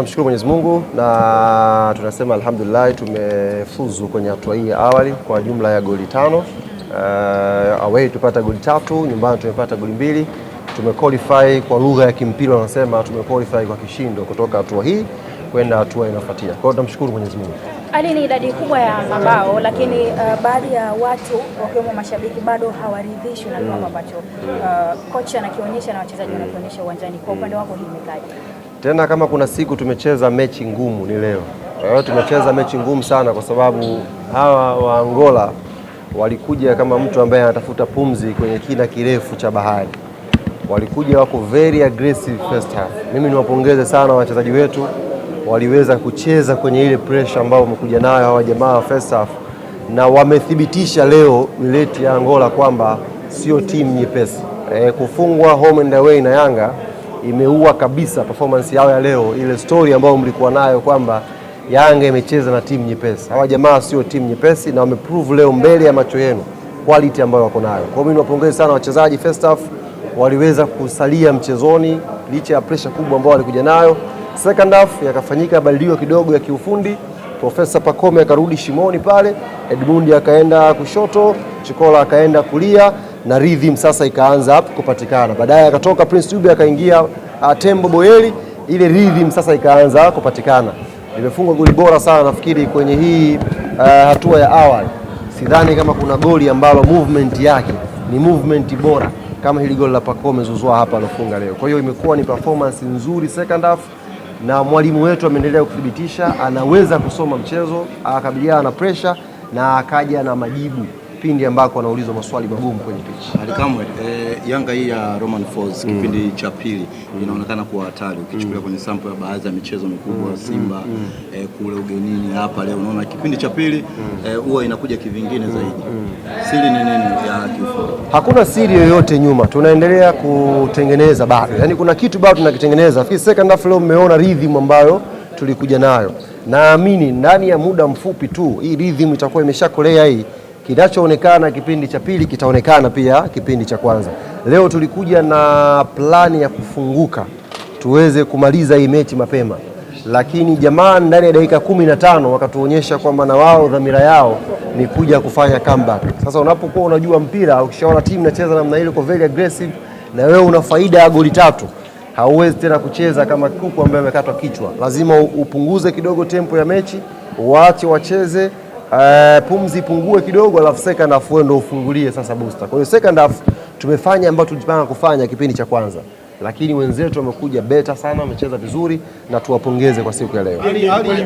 Tunamshukuru Mwenyezi Mungu na tunasema alhamdulillah, tumefuzu kwenye hatua hii ya awali kwa jumla ya goli tano. Uh, away tupata goli tatu, nyumbani tumepata goli mbili. Tumequalify kwa lugha ya kimpira wanasema tumequalify kwa kishindo kutoka hatua hii kwenda hatua inayofuatia. Kwa hiyo tunamshukuru Mwenyezi Mungu. Hali ni idadi kubwa ya mabao lakini, uh, baadhi ya watu wakiwemo mashabiki bado hawaridhishwi na kiwango ambacho uh, kocha anakionyesha na wachezaji wanakionyesha uwanjani. Kwa upande wako hii imekaje? Tena kama kuna siku tumecheza mechi ngumu ni leo. Leo tumecheza mechi ngumu sana, kwa sababu hawa wa Angola walikuja kama mtu ambaye anatafuta pumzi kwenye kina kirefu cha bahari. Walikuja wako very aggressive first half. Mimi niwapongeze sana wachezaji wetu, waliweza kucheza kwenye ile pressure ambayo wamekuja nayo hawa jamaa wa first half, na wamethibitisha leo mileti ya Angola kwamba sio timu nyepesi. E, kufungwa home and away na Yanga imeua kabisa performance yao ya leo, ile story ambayo mlikuwa nayo kwamba Yanga imecheza na timu nyepesi. Hawa jamaa sio timu nyepesi, na wameprove leo mbele ya macho yenu quality ambayo wako nayo. Kwa hiyo mimi niwapongeze sana wachezaji, first half waliweza kusalia mchezoni licha ya pressure kubwa ambayo walikuja nayo. Second half yakafanyika badiliko kidogo ya kiufundi. Profesa Pacome akarudi shimoni pale, Edmund akaenda kushoto, Chikola akaenda kulia na rhythm sasa ikaanza hapo kupatikana. Baadaye akatoka Prince Dube akaingia ah, Tembo Boyeli, ile rhythm sasa ikaanza kupatikana. Nimefunga goli bora sana nafikiri kwenye hii uh, hatua ya awali. Sidhani kama kuna goli ambalo movement yake ni movement bora kama hili goli la Pacome Zouzoua hapa alofunga leo. Kwa hiyo imekuwa ni performance nzuri second half, na mwalimu wetu ameendelea kuthibitisha anaweza kusoma mchezo, akabiliana na pressure na akaja na majibu kipindi ambako anaulizwa maswali magumu kwenye pichi. Alikamwe, eh, Yanga hii ya Roman Falls mm. kipindi cha pili mm. inaonekana kuwa hatari ukichukulia mm. kwenye sampo ya baadhi ya michezo mikubwa mm. Simba mm. mm. eh, kule ugenini hapa leo unaona kipindi cha pili eh, huwa eh, inakuja kivingine zaidi mm. siri ni nini ya kifo? Hakuna siri yoyote nyuma, tunaendelea kutengeneza bado, yaani kuna kitu bado tunakitengeneza. Second half leo mmeona rhythm ambayo tulikuja nayo, naamini ndani ya muda mfupi tu hii rhythm itakuwa imeshakolea hii Kinachoonekana kipindi cha pili kitaonekana pia kipindi cha kwanza. Leo tulikuja na plani ya kufunguka tuweze kumaliza hii mechi mapema, lakini jamaa ndani ya dakika kumi na tano wakatuonyesha kwamba na wao dhamira yao ni kuja kufanya comeback. Sasa unapokuwa unajua mpira, ukishaona timu inacheza namna ile, kwa very aggressive, na wewe una faida ya goli tatu, hauwezi tena kucheza kama kuku ambaye amekatwa kichwa. Lazima upunguze kidogo tempo ya mechi, waache wacheze Uh, pumzi pungue kidogo, alafu second half wewe ndio ufungulie sasa booster. Kwa hiyo second half tumefanya ambayo tulipanga kufanya kipindi cha kwanza, lakini wenzetu wamekuja beta sana, wamecheza vizuri na tuwapongeze kwa siku ya leo. Yaani, yaani yaani,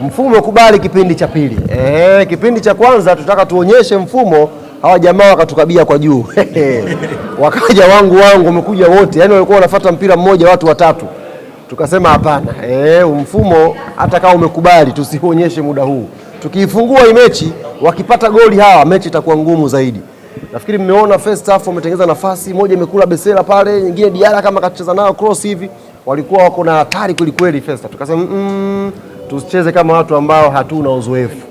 mfumo kubali kipindi cha pili. Eh, kipindi cha kwanza tutaka tuonyeshe mfumo, hawa jamaa wakatukabia kwa juu wakaja wangu wangu, wamekuja wote, yani walikuwa wanafuata mpira mmoja watu watatu Tukasema hapana, e, mfumo hata kama umekubali tusionyeshe muda huu. Tukiifungua hii mechi wakipata goli hawa, mechi itakuwa ngumu zaidi. Nafikiri mmeona first half wametengeneza nafasi moja, imekula Besela pale, nyingine Diara kama kacheza nayo cross hivi, walikuwa wako na hatari kwelikweli first half. Tukasema mm, tusicheze kama watu ambao hatuna uzoefu,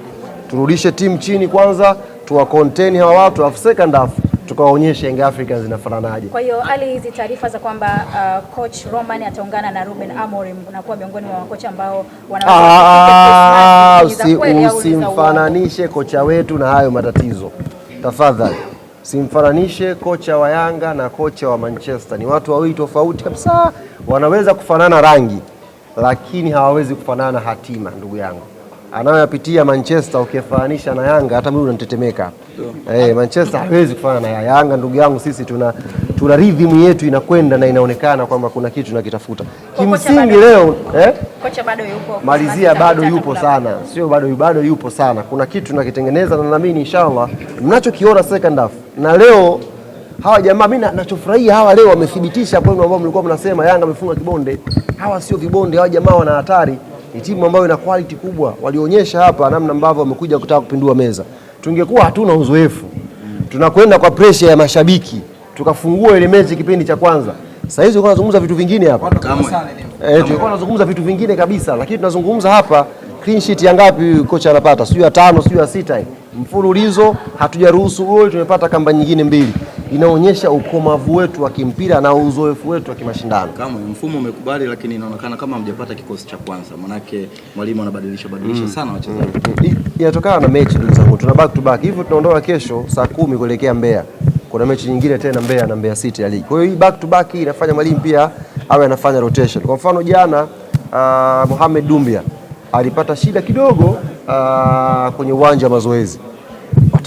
turudishe timu chini kwanza, tuwa contain hawa watu, afu second half tukawaonyesha Young Africans zinafananaje. Kwa hiyo hali hizi taarifa za kwamba uh, coach Roman ataungana na Ruben Amorim unakuwa miongoni mwa makocha ambao wanaweza ah, ah, usimfananishe kocha wetu na hayo matatizo tafadhali. Simfananishe kocha wa Yanga na kocha wa Manchester, ni watu wawili tofauti kabisa. Wanaweza kufanana rangi, lakini hawawezi kufanana hatima, ndugu yangu anayoyapitia Manchester ukifananisha na Yanga hata mimi unanitetemeka. Eh, Manchester hawezi kufana na Yanga, ndugu yangu. Sisi tuna tuna rhythm yetu inakwenda na inaonekana kwamba kuna kitu tunakitafuta kimsingi leo eh? Kocha bado yupo, malizia bado yupo sana, sio bado, bado yupo sana. Kuna kitu tunakitengeneza na naamini inshallah mnachokiona second half na leo hawa jamaa, mimi nachofurahia hawa leo wamethibitisha point ambayo mlikuwa mnasema Yanga amefunga kibonde. Hawa sio vibonde, hawa jamaa wana hatari ni timu ambayo ina quality kubwa, walionyesha hapa namna ambavyo wamekuja kutaka kupindua meza. Tungekuwa hatuna uzoefu, tunakwenda kwa pressure ya mashabiki, tukafungua ile mechi kipindi cha kwanza. Sasa hizi unazungumza vitu vingine hapa, tunazungumza eh, vitu vingine kabisa, lakini tunazungumza hapa clean sheet ya ngapi kocha anapata? sio ya tano, sio ya sita mfululizo, hatujaruhusu goli, tumepata kamba nyingine mbili inaonyesha ukomavu wetu wa kimpira na uzoefu wetu wa kimashindano. Kama mfumo umekubali, lakini inaonekana kama hamjapata kikosi cha kwanza, manake mwalimu anabadilisha badilisha mm. sana wachezaji mm. inatokana na mechi, ndugu zangu, tuna back to back hivyo, tunaondoka kesho saa kumi kuelekea Mbeya, kuna mechi nyingine tena Mbeya na Mbeya City ya ligi. Kwa hiyo hii back to back inafanya mwalimu pia awe anafanya rotation. Kwa mfano jana, uh, Mohamed Dumbia alipata shida kidogo uh, kwenye uwanja wa mazoezi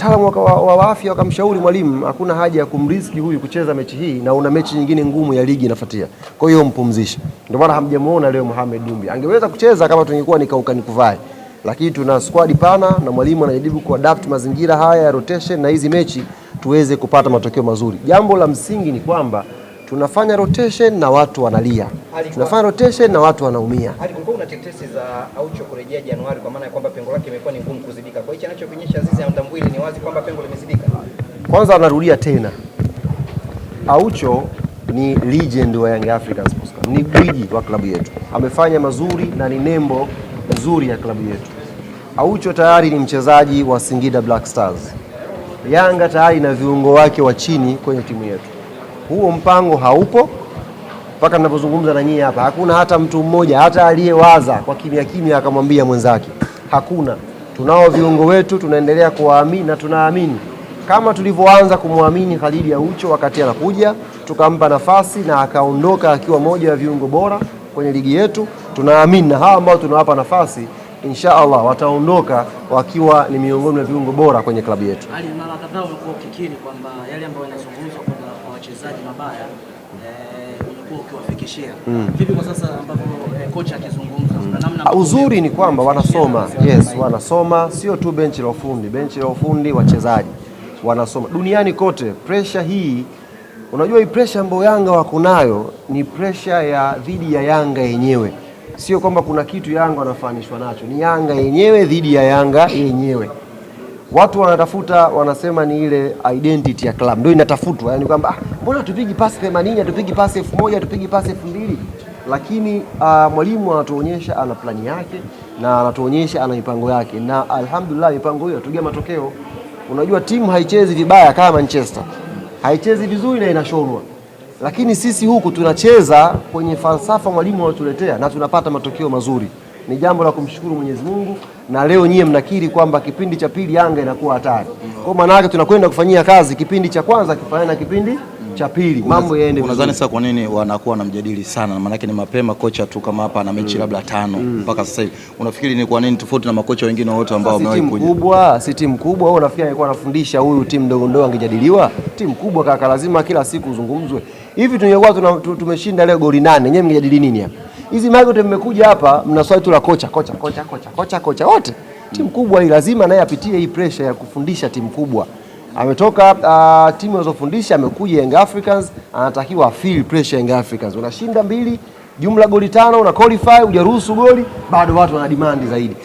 wataalamu wa, wa afya wakamshauri mwalimu, hakuna haja ya kumriski huyu kucheza mechi hii, na una mechi nyingine ngumu ya ligi inafuatia, kwa hiyo mpumzishe. Ndio maana hamjamuona leo Mohamed Dumbi. Angeweza kucheza kama tungekuwa ni nikuvai, lakini tuna squad pana na mwalimu anajaribu kuadapt mazingira haya ya rotation na hizi mechi tuweze kupata matokeo mazuri. Jambo la msingi ni kwamba tunafanya rotation na watu wanalia, tunafanya rotation na watu wanaumia. Aucho kurejea Januari, kwa maana ya kwamba pengo lake imekuwa ni ngumu kuzidika. Kwa hicho anachokionyesha Azizi Ndambwile ni wazi kwamba pengo limezidika. Kwanza anarudia tena, Aucho ni legend wa Young Africans Sports Club, ni gwiji wa klabu yetu, amefanya mazuri na ni nembo nzuri ya klabu yetu. Aucho tayari ni mchezaji wa Singida Black Stars. Yanga tayari na viungo wake wa chini kwenye timu yetu, huo mpango haupo mpaka ninavyozungumza na nyie hapa, hakuna hata mtu mmoja hata aliyewaza kwa kimya kimya akamwambia mwenzake. Hakuna. Tunao viungo wetu, tunaendelea kuwaamini na tunaamini kama tulivyoanza kumwamini Khalid Aucho wakati anakuja, tukampa nafasi na akaondoka akiwa moja ya viungo bora kwenye ligi yetu. Tunaamini na hawa ambao tunawapa nafasi insha Allah wataondoka wakiwa ni miongoni mwa viungo bora kwenye klabu yetu. Ali, mara kadhaa umekuwa ukikiri kwamba yale ambayo yanazungumzwa kwa wachezaji mabaya eh, ulikuwa ukiwafikishia mm. vipi kwa sasa ambapo eh, kocha akizungumza ah, Uzuri ni kwamba wanasoma, yes, wanasoma sio tu benchi la ufundi, benchi la ufundi wachezaji wanasoma duniani kote. Presha hii, unajua hii presha ambayo Yanga wako nayo ni presha ya dhidi ya Yanga yenyewe, sio kwamba kuna kitu Yanga wanafanishwa nacho, ni Yanga yenyewe dhidi ya Yanga yenyewe watu wanatafuta wanasema ni ile identity ya club ndio inatafutwa, yani kwamba ah, mbona tupigi pasi 80, tupigi pasi 1000, tupigi pasi 2000, lakini uh, mwalimu anatuonyesha ana plani yake na anatuonyesha ana mipango yake, na alhamdulillah mipango hiyo tugia matokeo. Unajua timu haichezi vibaya kama Manchester, haichezi vizuri na inashonwa, lakini sisi huku tunacheza kwenye falsafa mwalimu anatuletea na tunapata matokeo mazuri. Ni jambo la kumshukuru Mwenyezi Mungu na leo nyie mnakiri kwamba kipindi cha pili Yanga inakuwa hatari. Kwa maana yake tunakwenda kufanyia kazi kipindi cha kwanza kifanana na kipindi cha pili, mambo yaende. Unadhani sasa kwa nini wanakuwa wanamjadili sana? Maanake ni mapema, kocha tu kama hapa ana mechi mm. labda tano mm. mpaka sasa hivi, unafikiri ni kwa nini tofauti na makocha wengine wote ambao wamewahi kuja? Timu kubwa si timu kubwa, au unafikiri alikuwa anafundisha huyu timu ndogo ndogo angejadiliwa? Timu kubwa kaka, lazima kila siku uzungumzwe hivi tungekuwa tumeshinda leo goli nane, nyewe mngejadili nini hapa? Hizi Magote mmekuja hapa mnaswali tu la kocha kocha kocha kocha kocha kocha wote. Timu kubwa hii lazima naye apitie hii pressure ya kufundisha timu kubwa. Ametoka uh, timu anazofundisha amekuja Young Africans, anatakiwa feel pressure Young Africans. Unashinda mbili, jumla goli tano, una qualify, hujaruhusu goli, bado watu wana demand zaidi.